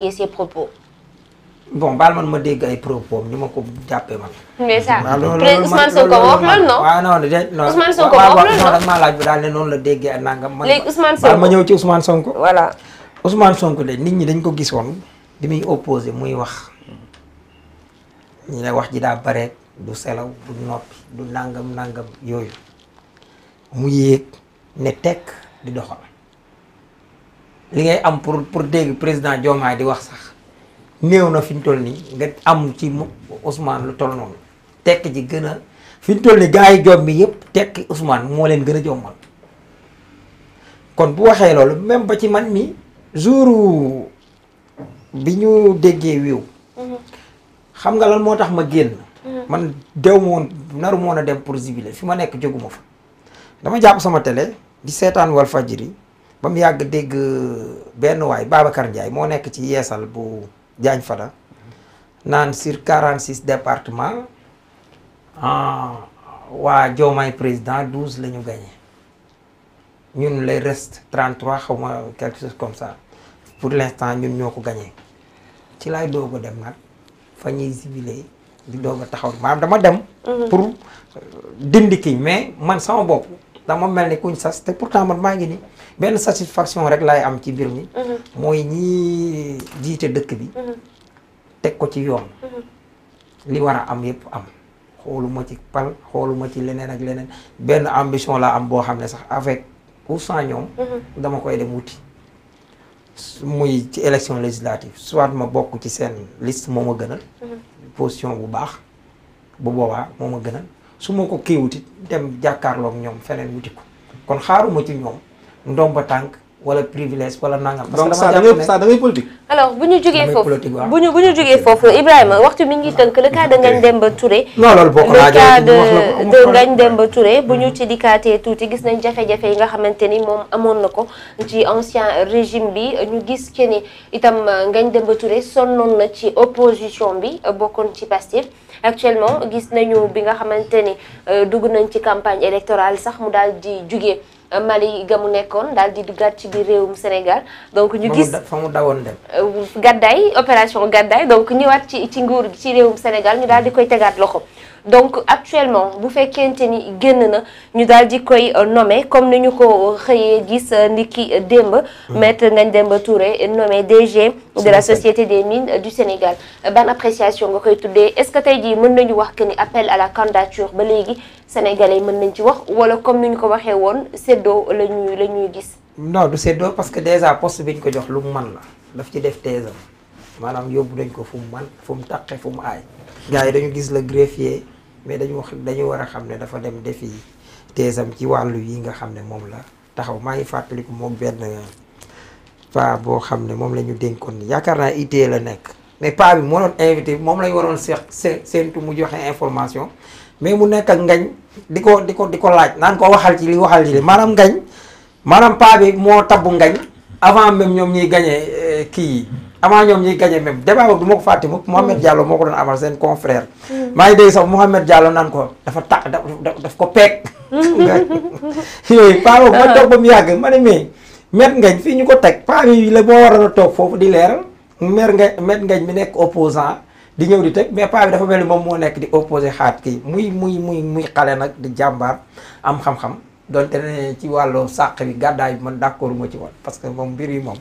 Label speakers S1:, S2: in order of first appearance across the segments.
S1: ses propos.
S2: bon baal man ma dégg ay propos ni ma ko jàppee ma. mais bi daal noonu la déggee ak nangam. léegi Ousmane baal ma ñëw ci Ousmane Sonko. voilà Ousmane Sonko de nit ñi dañ ko gisoon bi muy opposé muy wax ñu ne wax ji daa bare du selaw du noppi du nangam nangam yooyu mu yéeg ne tekk di doxal. li ngay am pour pour dégg président Diomaye di wax sax néew na fi ñu toll nii nga am ci Ousmane lu toll noonu tekk ji gën a fi ñu toll nii gars yi joom bi yëpp tekki Ousmane moo leen gën a jombal kon bu waxee loolu même ba ci man mi jour bi ñu déggee wiiw xam nga lan moo tax ma génn man dew moon naru moon a dem pour zibilé fi ma nekk joguma fa dama jàpp sama télé di seetaan wal Walfadjri ba mu yàgg dégg benn waay Babacar Ndiaye moo nekk ci yeesal bu Diagne Fada naan sur 46 départements ah, waa Diomaye président 12 lañu ñu ñun lay reste 33 xaw ma quelque chose comme ça pour l' instant ñun ñoo ko gagné ci lay doog a dem nag fa ñuy zibilé di doog a taxaw maanaam dama dem. Mhm. pour dindi kii mais man sama bopp. dama mel ni kuñ sas te pourtant man maa ngi ni benn satisfaction rek laay am ci mbir mi. Mhm. mooy ñii jiite dëkk bi. Mhm. teg ko ci yoon. Mhm. li war a am yëpp am. xooluma ci pal xooluma ci leneen ak leneen benn ambition laa am boo xam ne sax avec ou sans ñoom. dama koy dem wuti. muy ci élection législative soit ma bokk ci seen liste moo ma gënal. position bu baax bu boobaa moo ma gënal. su ma ko kiiwuti dem jàkkaarloog ñoom feneen wuti ko kon xaaruma ci ñoom ndomba tànk wala privilège wala nangam. parce que dama jàpp ne ça da ngay
S1: bu ñu jógee foofu bu ñu bu ñu jógee foofu Ibrahima waxtu mi ngi tënk le cas de Ngagne Demba Touré. non loolu boo ko laajee wax le cas bu ñu hmm. ci dikkaatee tuuti gis nañ jafe-jafe yi nga xamante ni moom amoon na ko ci ancien régime bi ñu gis ke ni itam dem ba Touré sonnoon na ci opposition bi bokkoon ci Pastef actuellement gis nañu bi nga xamante ni euh, dugg nañ ci campagne électorale sax mu daal di jugee. Mali ga mu nekkoon daal di duggaat ci biir réewum Sénégal donc ñu gis
S2: fa mu dawoon dem
S1: gàddaay opération gàddaay donc ñëwaat ci ci nguur gi ci réewum Sénégal ñu daal di koy tegaat loxo donc actuellement bu fekkente ni génn na ñu daal di koy euh, nommé comme nañu ko xëyee gis euh, ndiki euh, démb hmm. maître Ngagne Demba Touré nommé DG de la société des mines du Sénégal ban appréciation nga koy tuddee est-ce que tey jii mën nañu wax que ni appel à la candidature ba léegi sénégalais mën nañ ci wax wala comme ni ñu ko waxee woon séddoo la ñuy la ñuy gis
S2: non du séddoo parce que déjà poste bi ñu ko jox lu mu man la daf ci def teesam maanaam yóbbu nañ ko fu mu man fu mu taqe fu mu aay gars yi dañu gis la greffier mais dañu wax dañu war a xam ne dafa dem defi teesam ci wàllu yi nga xam ne moom la taxaw maa ngi fàttaliku moom benn pa boo xam ne moom la ñu dénkoon yaakaar naa itee la nekk mais pa bi moo doon invité moom la waroon seex seentu mu joxe information mais mu nekk ak ngañ di ko di ko di ko laaj naan ko waxal ci li waxal ci li maanaam ngañ maanaam pa bi moo tabbu ngañ avant même ñoom ñuy gañee euh, kii avant ñoom ñuy gagné même débat boobu du ma ko fàtte mukk mm. Mouhamed Diallo moo ko doon amal seen confrère. Mm. maa ngi dégg sax Mouhamed Diallo naan ko dafa taq daf ko peeg.
S1: Mm. yooyu paa ba mu
S2: yàgg ma ne mais ngañ fii ñu ko teg paa bi la moo waroon a toog foofu di leeral mer nga met ngañ mi nekk opposant di ñëw di teg mais dafa mel ni moom moo nekk di opposé xaat kii muy muy muy muy xale nag di jàmbaar am xam-xam. donte ne ci wàllu sàq bi gàddaay bi man d'accord ma ci woon parce que moom mbir yi moom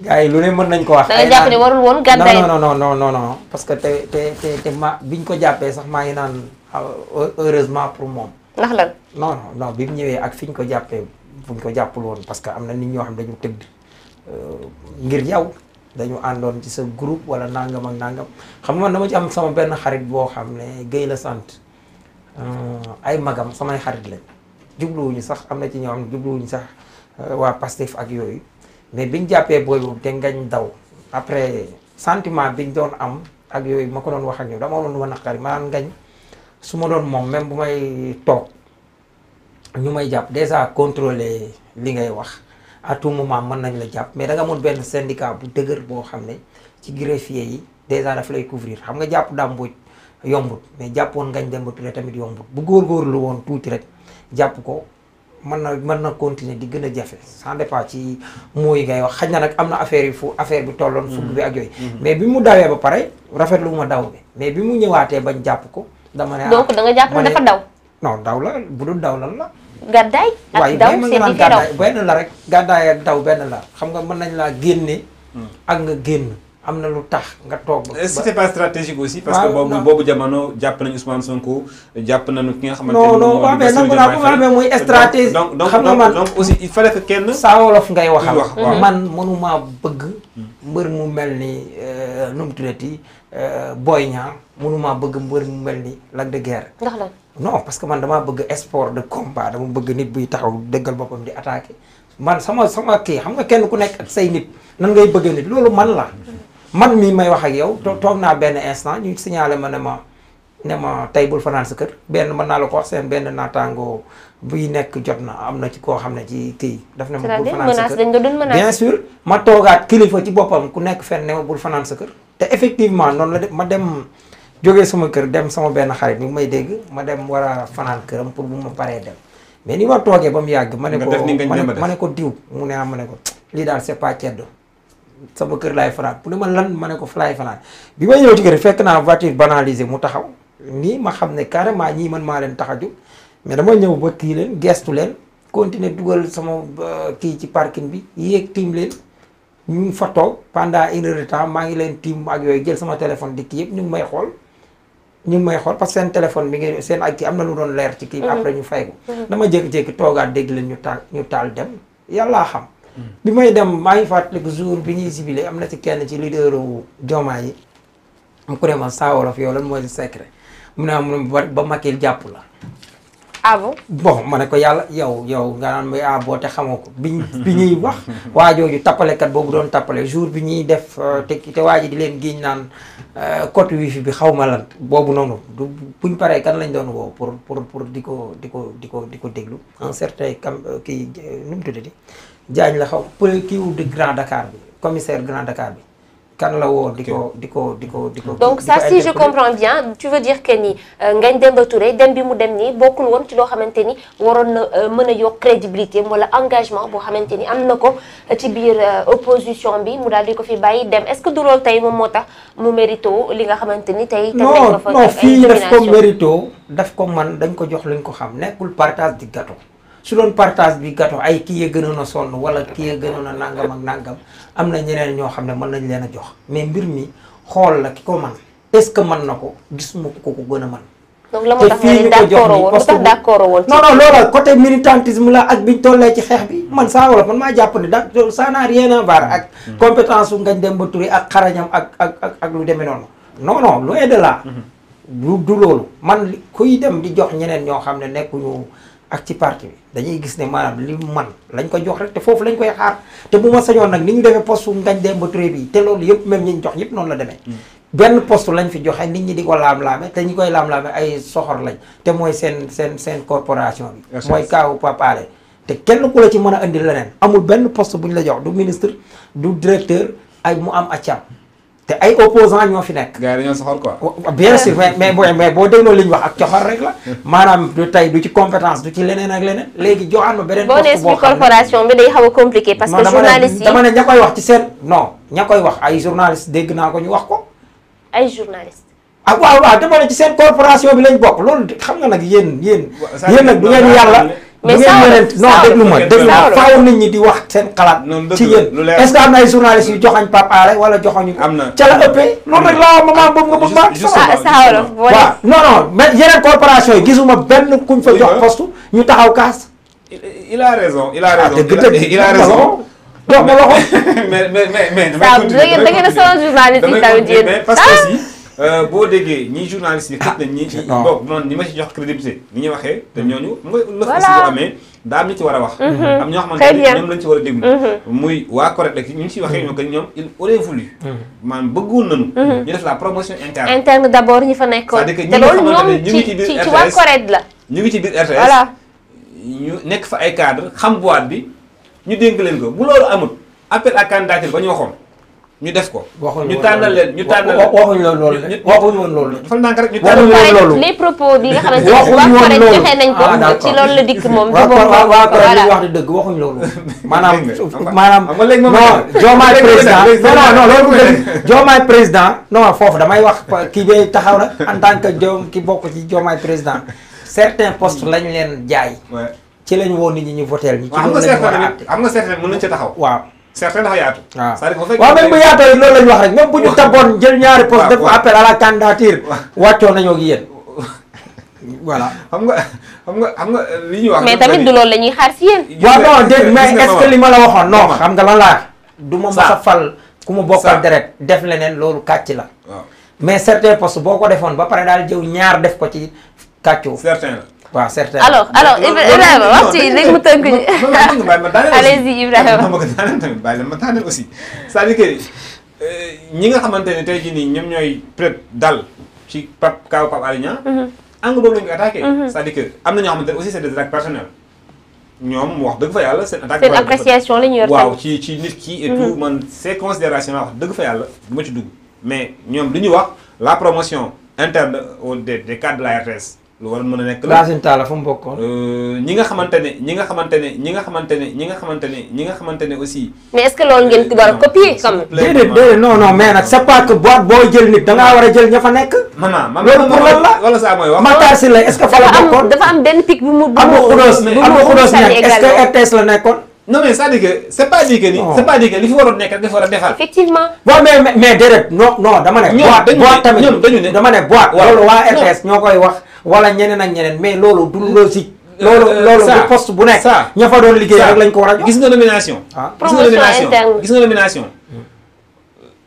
S2: gars yi lu ne mën nañ ko wax. da nga ne warul woon gàddaay non non non non non parce que te te te te ma biñ ko jàppee sax maa ngi naan ah, heureusement pour moom. ndax lan non non bi mu ñëwee ak fi ñu ko jàppee buñ ko jàppul woon parce que am na nit ñoo xam dañu tëdd euh, ngir yow dañu àndoon ci sa group wala nangam ak nàngam xam nga man dama ci am sama benn xarit boo xam ne Guèye la sant euh, ay magam samay xarit lañ. jubluwuñu sax am na ci ñoo xam ne jubluwuñu sax euh, waa Pastef ak yooyu mais bi ñu jàppee booy boobu te ngañ daw après sentiment biñ doon am ak yooyu ma ko doon wax ak ñoom dama doon naqari ma naan ngañ su ma doon moom même bu may toog ñu may jàpp déjà contrôler li ngay wax à tout moment mën nañ la jàpp mais da nga amoon benn syndicat bu dëgër boo xam ne ci greffier yi déjà daf lay couvrir xam nga jàpp daam yombut mais jàppoon ngañ dem ba turé tamit yombut bu góor góorlu woon tuuti rek jàpp ko mën na mën na continuer di gën a jafe sans dépend ci mooy ngay wax xaj na nag am na affaire yu fu affaire bi tolloon fugg bi ak yooyu mm-hmm. Mm-hmm. mais bi mu dawee ba pare rafetlu ma daw bi mais bi mu ñëwaatee bañ jàpp ko dama ne donc ah, da nga jàpp ne dafa daw daw la bu dul daw lan la
S1: gàddaay ak daw seen di gàddaay benn
S2: la rek gàddaay ak daw benn la xam nga mën nañ laa génne mm. ak nga génn am na lu tax nga toog. ba c'était pas stratégique aussi. parce boobu
S3: boobu jamono jàpp nañu Ousmane Sonko jàpp nañu ki nga xamante ne. non non bu amee nangu naa bu ma amee muy stratégie. donc donc donc aussi il fallait que kenn. saa wolof ngay waxal man
S2: bëgg. Hmm. mbër mu mel ni euh, nu mu tuddati euh, Boy Niang mënumaa bëgg mbër mu mel ni Lac de Guiers. la non parce que man damaa bëgg sport de combat dama bëgg nit buy taxaw dëggal boppam di attaqué man sama sama kii xam nga kenn ku nekk ak say nit nan ngay bëgg nit loolu man la. man mii may wax ak yow. toog naa benn instant ñu signalé ma ne ma ne ma tey bul fanaan sa kër benn ma naa la ko wax seen benn naataango buy nekk jot na am na ci koo xam ne ci kii. daf ne ma bul fanaan sa kër bien sûr ma toogaat kilifa ci boppam ku nekk fenn ne ma bul fanaan sa te effectivement noonu la ma dem jógee sama kër dem sama benn xarit bi may dégg ma dem war a fanaan këram pour bu ma paree dem mais ni ma toogee ba mu yàgg. ma ne ko ma ne ko diw mu ne ah ma ne ko lii daal c'est pas ceddo sama kër laay fanaan mu ne lan ma ne ko fa laay fanaan bi ma ñëw ci kër fekk naa voiture banalisée mu taxaw nii ma xam ne carrément ñii man maa leen tax a dama ñëw ba kii leen gestu leen continuer dugal sama kii ci parking bi yéeg tiim leen ñu ngi fa toog pendant une heure maa ngi leen tiim ak yooyu jël sama téléphone di kii yëpp ñu ngi may xool ñu ngi may xool parce que seen téléphone bi ngeen seen ak ki am na lu doon leer ci kii mhm. après ñu fay ko mhm. dama jékki-jékki toogaat dégg leen ñu taal ñu taal dem xam bi may dem maa ngi fàttaliku jour bi ñuy sibile am na ci kenn ci leader wu Jomaa yi mu ko demal saa wolof yow lan mooy secret mu na ah ba Macky jàpp la
S1: ah bon bon
S2: ma ne ko yàlla yow yow nga naan may ah boo te xamoo ko bi bi ñuy wax waa jooju tappalekat boobu doon tappale jour bi ñuy def euh, te te waa di leen giiñ naan euh, code wifi bi xaw ma lan boobu noonu du buñ paree kan lañ doon wow pour pour pour di ko di ko di ko di ko déglu un certain cam euh, kii nu mu tuddati Diagne la xaw pour kii wu di Grand Dakar bi commissaire Grand Dakar bi kan la woo di ko di ko di ko di ko donc ça si je comprends
S1: bien tu veux dire que ni euh, Ngagne Demba Touré dem bi mu dem nii bokkul woon ci loo xamante ni waroon na euh, mën a yokk crédibilité wala engagement boo xamante ni am na ko ci biir euh, opposition bi mu daal di ko fi bàyyi dem est-ce que du loolu tey moom moo tax mu mérito li nga xamante ni tey. tey non non fii daf ko mérito
S2: daf ko man dañ ko jox luñ ko xam nekkul partage di gâteau. su doon partage bi gâteau ay kii ya gënoon sonn wala kii ya a nangam ak nangam am na ñeneen ñoo xam ne mën nañ leen a jox mais mbir mi xool la ko man est-ce que mën na ko gis mu ko ko gën a mën.
S1: donc la moo tax ñu parce que d'accord woon non non loolu
S2: côté militantisme la ak biñ tollee ci xeex bi man saa wala man maa jàpp ne da ça n'a rien à ak. Hmm. compétence su ngañ dem ba turi ak xarañam ak ak ak ak demee noonu. non non loin de là. Hmm. man kuy dem di jox ñeneen ñoo xam ne nekkuñu. ak ci parti bi dañuy gis ne maanaam li man lañ ko jox rek te foofu lañ koy xaar te bu ma señoon nag ni ñu defee poste ngañ dem ba turé bi te loolu yëpp même ñi ñu jox yëpp noonu la deme mm. benn poste lañ fi joxe nit ñi di ko laam-laame te ñi koy laam-laame ay soxor lañ te mooy seen seen seen corporation bi mooy kaawu papaale te kenn ku la ci mën a indi leneen amul benn post bu ñu la jox du ministre du directeur ak mu am accam te ay opposants ñoo fi nekk. gars bien sûr mais mais mais boo dégloo li ñu wax ak coxor rek la maanaam du tey du ci compétence du ci leneen ak leneen léegi joxaan ma beneen. boo nee suñu corporation
S1: bi day xaw a compliqué. parce que journaliste yi dama ne ña
S2: koy wax ci seen. non ña koy wax ay journaliste dégg naa ko ñu wax ko.
S1: ay journaliste
S2: ah waaw waaw dama ne ci seen corporation bi lañ bokk loolu xam nga nag yéen yéen. yéen nag du ngeen yàlla. mais non déglu ma déglu ma faaw nit di wax seen xalaat ci yéen est-ce que am na ay journalistes yu joxañ Pape Alé wala joxañu am na ca la ëppee loolu rek laa wax maman boobu nga bëgg ma ah, non non yeneen corporation yi gisuma benn kuñ fa jox poste ñu taxaw kaas
S3: il a raison il que ah! Euh, boo déggee ñi journaliste yi xëj nañ ñi ci ah, boog noonu ñi ma ci jox crédibilité ni ñuy waxee te hmm. ñooñu mu nga lëf aussi bu amee daa am ñu ci war a wax mhm. am ñoo xamante ne ñoom lañ ci war a déglu mhm. muy waa correct rek ñu ci waxee hmm. ñoo ñoom il aurait voulu hmm. maanaam ñu def la promotion interne
S1: interne d'abord ñi fa nekkoon te loolu ñoom ci ci waa correct la
S3: ñu ngi ci biir RTS voilà ñu nekk fa ay cadre xam boîte bi ñu dénk leen ko bu loolu amul appel à candidature ba ñu waxoon ñu def ko. ñu tànnal leen ñu tànnal leen waxuñu loolu de waxuñu woon loolu de. defal naa rek ñu tànnal leen loolu
S1: les propos bi nga xamante ne joxe nañ ko ah, ci loolu la dikk moom. waaw waaw waaw pare li
S3: wax di dëgg waxuñu loolu.
S2: maanaam maanaam. non Diomaye président non non loolu bu dëgg Diomaye président non foofu damay wax kii bee taxaw na en tant que Diom ki bokk ci Diomaye président certains postes lañ leen jaay. ci lañ woo nit ñi ñu voté ñu. ci loolu la ñu war a àtte
S3: am nga certain mën nañ ca taxaw waaw certain dafa yaatu. waaw ah. waaw même bu yaatoo
S2: loolu la ñu wax rek même bu ñu taboon jël ñaari poste def ko appel à la candidature wàccoon nañoo gi yéen voilà. xam xam nga xam nga li ñuy wax. mais tamit du loolu
S1: la ñuy xaar si yéen. waaw non dégg mais est-ce li ma la
S2: waxoon non xam nga lan laa. du ma mës a fal ku ma bokkal deret def leneen loolu kàcc la. mais certain poste boo ko defoon ba pare daal jëw ñaar def ko ci kàccoo.
S3: certain la. waaw certain alors alors Ibrahima wax ci léegi ñi nga xamante ne tey jii nii ñoom ñooy peut ci Pape Kaaw Pape mhm. mhm. am na ñoo xamante ne aussi c'est des attaques personnelles. ñoom wax dëgg fa yàlla seen attaque. seen appréciation la ñu nit ki. et mhm. tout man ces considérations la wax dëgg fa yàlla du ma ci dugg. mais ñoom li ñu wax la promotion interne au des des cadres de la RTS. lu war a mën la fu mu bokkoon. Euh, ñi nga xamante ne ñi nga xamante ne ñi nga xamante ne ñi nga xamante ne ñi nga xamante ne
S1: mais est loolu ngeen war a copier comme. déedéet dafa am benn pic bu mu. bu mu xudóos bu nekk
S3: est-ce la nekkoon. non mais cest à pas dire que ni pas dire que fi waroon nekk dafa war a defal. effectivement. bon mais mais déedéet
S2: non non dama ne. ñoom dañu tamit dama ne boîte. loolu waa RTS ñoo koy wax wala ñeneen ak ñeneen mais loolu du euh, logique. Euh, loolu euh, loolu du poste bu nekk. ña fa doon liggéey rek lañ ko war a gis nga
S3: nomination. Ah. gis nga nomination gis nga nomination.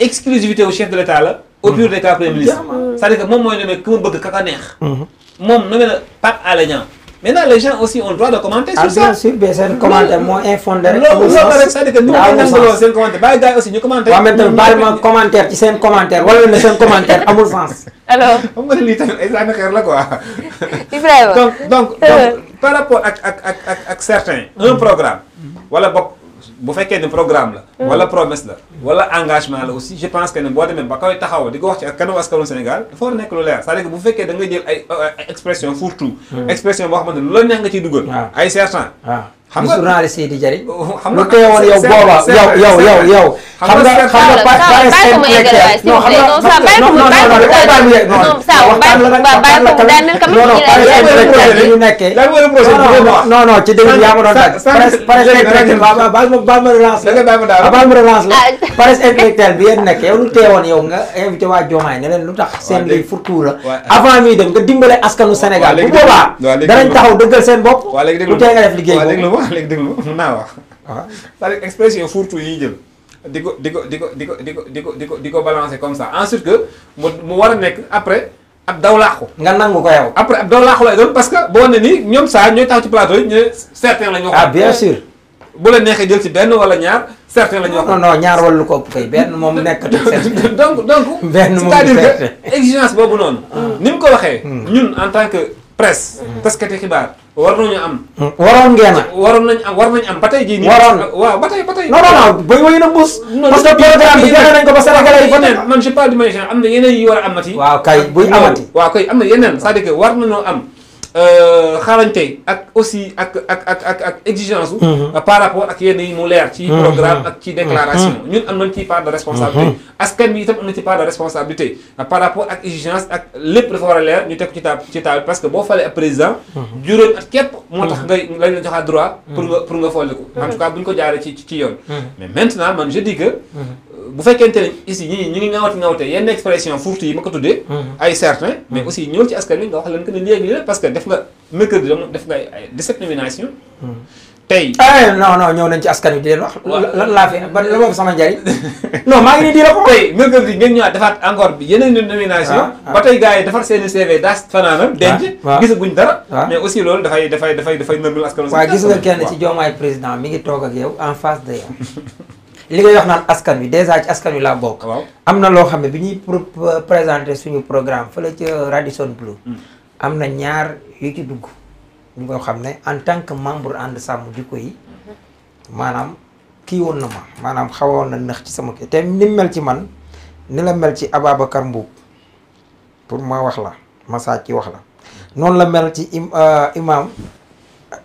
S3: exclusivité wu chef de l'état la. au hmm. pire des cas premier ministre. c'est-à-dire que moom mooy nommé ku mu bëgg kaka neex. Hmm. moom nommé na Pape Alé maintenant les gens aussi ont droit de commenter sur ah, ça bien sûr bien seen commentaire moo
S2: infondé rek loolu rek c'est-à-dire que ñu nangaloo seen
S3: commentaire bàyyi gars yi aussi ñu commenté mais tamit bàyyi ma
S2: commentaire ci seen
S3: commentaire wala ne seen commentaire la quoi
S1: Ibrahima donc donc euh.
S3: par rapport ak ak ak ak ak certains un programme wala bokk bu fekkee ne programme la. wala promesse la. wala engagement la aussi je pense que ne boo demee ba koy taxaw di ko wax ci ak kanamu askanu Sénégal dafa a nekk lu leer c'est-à-dire bu fekkee da nga jël ay euh, expression fourre-tout. Hmm. expression boo xamante ne lu la neex nga ciy dugal. Ah. ay certains. Ah. xam nga journaliste yi di jëriñ. xam nga lu teewoon yow booba yow yow yow yow xam nga xam nga pas pas
S1: intellectuel non xam nga
S2: non non non ci déglu yaa ma doon daj. presse presse intellectuelle waaw baal ma baal ma relance la baal ma relance la presse intellectuelle bi yéen nekk yow lu teewoon yow nga invité waa Diomaye ne leen lu tax seen lii furtu la avant muy dem nga dimbale askanu Sénégal bu boobaa danañ taxaw dëggal seen bopp
S3: lu tee nga def liggéey boobu léegi déglu naa wax c'est-à-dire expression furtu yi jël di ko di ko di ko di ko di ko di ko di ko di ko balancer comme ça ensuite que mu mu war a nekk après ab daw laaxu nga nangu ko yow. après ab daw lay doon parce que boo ne nii ñoom saa ñooy taxaw ci plateau yi ñu ne certain la ñu. Ah, benn wala ñaar certain la ñu. non non ñaar wala lu ko ëpp kay benn moom nekk donc donc. benn moom c'est-à-dire exigence boobu noonu. Ah. ni mu ko waxee. Hmm. ñun en tant que. presse taskati xibaar war nañu am waroon ngeen a waroon nañu am war nañu am ba tey jii nii waroon waaw ba tey ba tey wayu na mbuus parce que programme bi joxe nañ ko ba sénégalais yi voté man je parle du am na yeneen yu war a amati waaw kay buy amati waaw kay am na yeneen c'est-à-dire que war nañoo am Euh, xarañte ak aussi ak ak ak ak ak exigence. Mhm. par rapport ak yenn yi mu leer. ci mhm. programme ak ci mhm. déclaration. ñun am nañ ci part de responsabilité. askan bi itam am na ci part de responsabilité. par rapport ak exigence ak lépp dafa leer ñu teg ci table ci table parce que boo falee ab président. juróomi at képp moo tax ngay lañ la joxaat droit. pour nga pour nga folliku. en tout cas bu ñu ko jaaree ci ci yoon. mais maintenant man je dis que. bu fekkente ne ici ñi ñu ngi nga ngawate yenn expression fourtu yi ma ko tuddee mhm. ay certain mais mhm. aussi ñëw ci askan wi nga wax leen que ne léegi la parce que def nga mercredi dama def nga mhm. ah, eh, ñëw nañ ci askan wi di leen wax lan laa fi ba la boobu sama njariñ non maa ngi nii di la ko tey mercredi ngeen ñëwaat defaat encore bi yeneen nomination ah, ah. ba tey gars yi defar seeni CV daas fanaanam denc gisaguñ dara mais aussi loolu dafay dafay dafay dafay nëmbal askan waaw gis nga kenn ci
S2: joomaay président mi ngi toog ak yow en face li nga wax naan askan wi dèjà askan wi laa bokk. am na loo xam ne bi ñuy présenté suñu programme fële ci Radisson Blu. Hmm. am na ñaar yu ci dugg. ñu nga xam ne en tant que membre ànd sàmm jikko yi.
S1: Hmm.
S2: maanaam kii woon na ma maanaam xawoon na nëx ci sama kii te ni mel ci man ni la mel ci Ababacar Mbuub pour ma wax la ma saa ci wax la noonu la mel ci im euh, imaam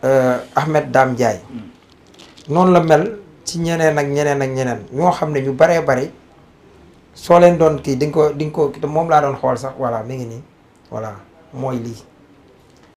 S2: euh, Ahmed Dame Ndiaye
S1: hmm.
S2: noonu la mel. ci ñeneen ak ñeneen ak ñeneen ñoo xam ne ñu baree bari soo leen doon
S3: kii di nga ko di nga ko moom laa doon xool sax voilà mi ngi nii voilà mooy lii